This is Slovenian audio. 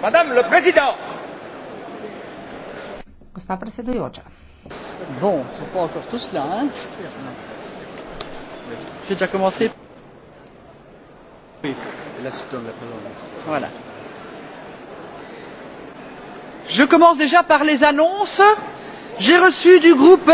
Madame le Président. Gospa predsedujoča. Bon, Je commence déjà par les annonces. J'ai reçu du groupe.